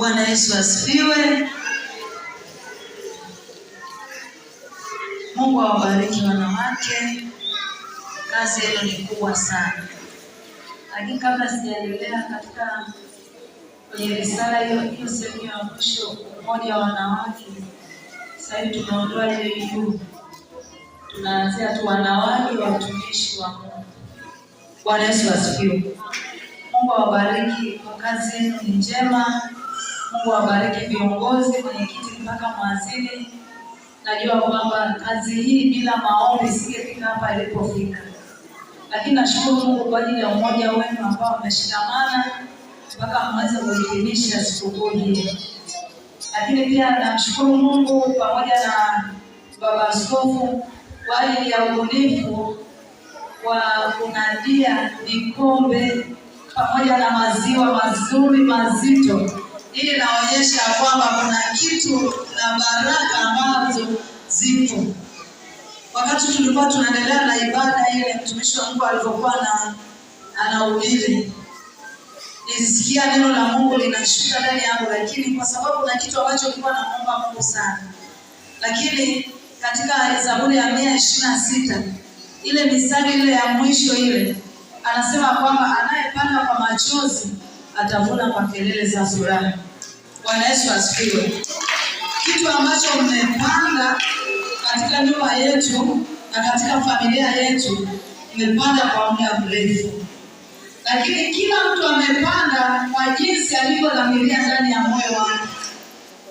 Bwana Yesu asifiwe. Mungu awabariki wanawake, kazi yenu ni kubwa sana. Lakini kabla sijaendelea katika kwenye risala hiyo hiyo, sehemu ya mwisho, umoja wa wanawake, sasa hivi tunaondoa hiyo tunaanzia tu wanawake watumishi wa Mungu. Bwana Yesu asifiwe. Mungu awabariki kwa kazi yenu ni njema. Mungu awabariki viongozi, mwenyekiti mpaka mwanzini. Najua kwamba kazi hii bila maombi isingefika hapa ilipofika, lakini nashukuru Mungu kwa ajili ya umoja wenu ambao mmeshikamana mpaka mweze kuhitimisha sikukuu hii. Lakini pia namshukuru Mungu pamoja na baba askofu kwa ajili ya ubunifu wa kunadia vikombe pamoja na maziwa mazuri mazito hii inaonyesha kwamba kuna kitu na baraka ambazo zipo. Wakati tulikuwa tunaendelea na ibada ile, mtumishi wa Mungu alivyokuwa na anahubiri, nilisikia neno la Mungu linashuka ndani yangu, lakini kwa sababu na kitu ambacho nilikuwa naomba Mungu sana, lakini katika Zaburi ya mia ishirini na sita ile mistari ile ya mwisho ile, anasema kwamba anayepanda kwa machozi atavuna kwa kelele za furaha. Bwana Yesu asifiwe. Kitu ambacho mmepanda katika nyumba yetu na katika familia yetu imepanda kwa muda mrefu, lakini kila mtu amepanda kwa jinsi alivyodhamiria ndani ya moyo wake.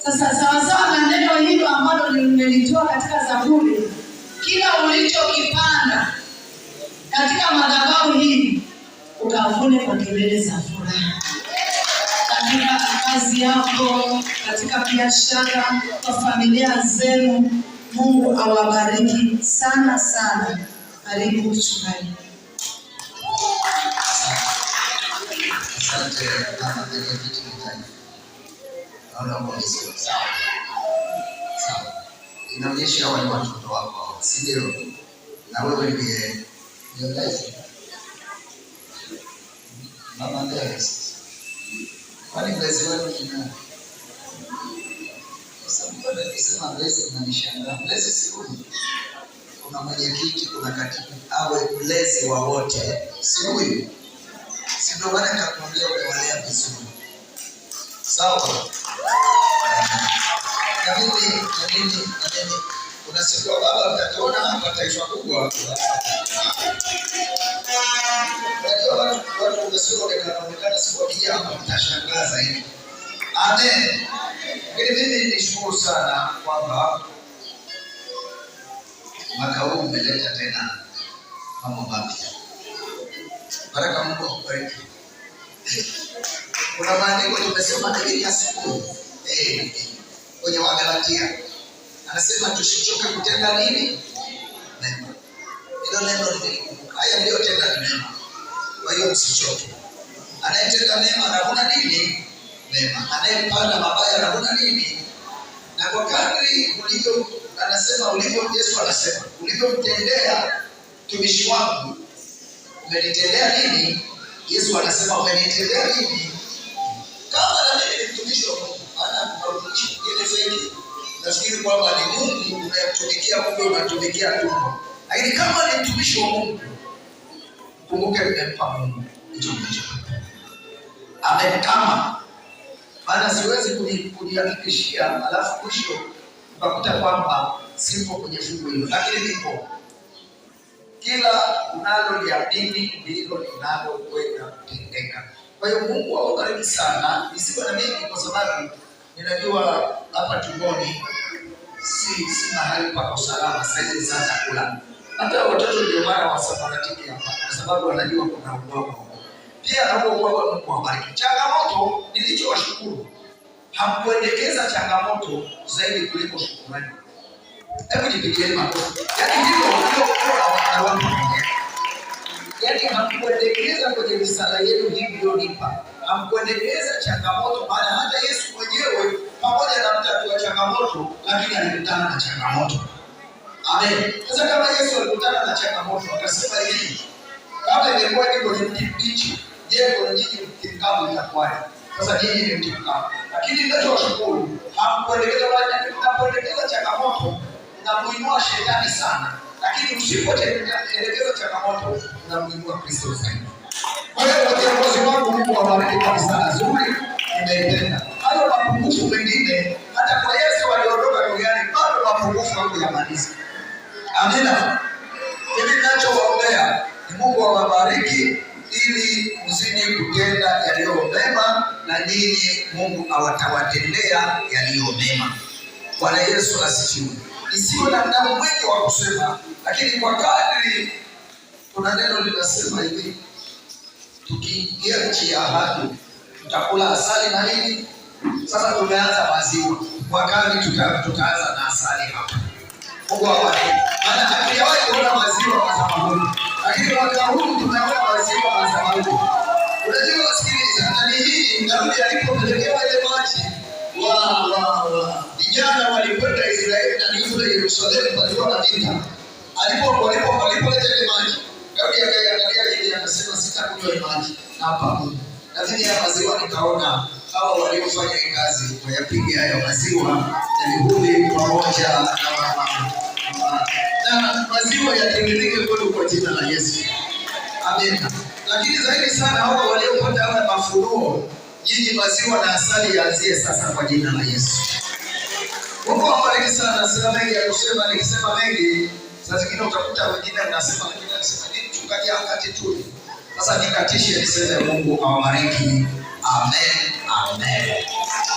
Sasa sawasawa na neno hilo ambalo nimelitoa katika Zaburi, kila ulichokipanda katika madhabahu hii utavune kwa kelele za furaha kazi yako, katika biashara, kwa familia zenu. Mungu awabariki sana sana. Karibu mchungaji. inaonyesha watoto wako, si ndio? Na wewe ndiye mama. Kwani mlezi wenu ni nani? Akisema mlezi mnanishangaa. Mlezi si huyu? Kuna mwenyekiti, kuna katibu, awe mlezi wa wote si huyu? Si ndio maana kakuambia umewalea vizuri, sawa? Na mimi na kuna siku baba mtatuona kwa taifa kubwa watu wamesonekana siku wakija hapa mtashangaa zaidi. Amen. Lakini mimi nishukuru sana kwamba mwaka huu umeleta tena mambo mapya. Baraka Mungu akubariki. Kuna maandiko tumesoma kila siku eh, kwenye Wagalatia, anasema tusichoke kutenda nini? Neno. Hilo neno nilikumbuka. Haya ndiyo hiyo usichoke. Anayetenda mema anavuna nini? Mema. Anayepanda mabaya anavuna nini? Na kwa kadri ulivyo, anasema ulivyo, Yesu anasema ulivyomtendea mtumishi wangu umenitendea nini? Yesu anasema umenitendea nini? Kama na mimi ni mtumishi wa Mungu, maana kuna mtumishi mwingine feki, nafikiri kwamba ni Mungu unayemtumikia, Mungu unatumikia tumbo. Lakini kama ni mtumishi wa Mungu kumbuke nimempa Mungu hicho nilichokipenda. Amekama maana siwezi kujihakikishia alafu mwisho ukakuta kwamba sipo kwenye fungu hilo, lakini nipo. Kila unaloliamini ndilo linalokwenda kutendeka. Kwa hiyo Mungu awabariki sana, nisiwe na mengi kwa sababu ninajua hapa tumboni si si mahali pako salama saizi za chakula. Hata watoto ndio maana wasabaratiki hapa, kwa sababu wanajua kuna ubaba huko Pia naomba ubwabwa Mungu awabariki. Changamoto nilichowashukuru, hamkuendekeza changamoto zaidi kuliko shukurani. Hebu jipigieni makofi. Yaani hilo ndio kwa Yaani hamkuendekeza kwenye misala yenu hii mlionipa. Hamkuendekeza changamoto maana hata Yesu mwenyewe pamoja na mtatu wa changamoto lakini alikutana na changamoto. Amen. Sasa kama Yesu alikutana na changamoto akasema hivi, kama ingekuwa ni mti mbichi, je, kwenye nyinyi mti mkavu Sasa nyinyi ni mti mkavu, lakini ninachowashukuru hamkuelekeza maji, mnapoelekeza changamoto mnamuinua shetani sana, lakini msipoelekeza changamoto mnamuinua Kristo zaidi. Kwa hiyo viongozi wangu, Mungu awabariki kwa nzuri, nimeipenda hayo mapungufu mengine. Hata kwa Yesu waliondoka duniani, bado mapungufu yangu yamaliza Amina. Mimi ninachowaombea ni Mungu awabariki ili mzidi kutenda yaliyo mema, na nyinyi Mungu awatawatendea yaliyo mema. Bwana Yesu asifiwe. Isiwe na mdamu mwingi wa kusema, lakini kwa kadri, kuna neno linasema hivi, tukiingia nchi ya ahadi tutakula asali na nini. Sasa tumeanza maziwa, kwa kadri tutaanza na asali hapa Mungu awabariki. Maana hatujawahi kuona maziwa kwa sababu. Lakini mwaka huu tunaona maziwa kwa sababu. Unajua wasikiliza, ndani hii Daudi alipopelekewa ile maji wa wa vijana walikwenda Israeli na ni kule Yerusalemu walikuwa na vita. Alipo walipo ile maji, Daudi akaangalia ile akasema sitakunywa maji hapa Lakini ya maziwa nikaona hawa waliofanya kazi wayapiga hayo maziwa elihuli pamoja na mama na maziwa yatengeneke kweli kwa jina la Yesu. Amen. Lakini zaidi sana hao waliopata haya mafunuo, nyinyi maziwa na asali yaanzie sasa kwa jina la Yesu. Mungu awabariki sana. Sina mengi ya kusema, nikisema mengi saa zingine utakuta wengine anasema wengine anasema nini, mchungaji wakati tu. Sasa nikatishe niseme Mungu awabariki. Amen. Amen.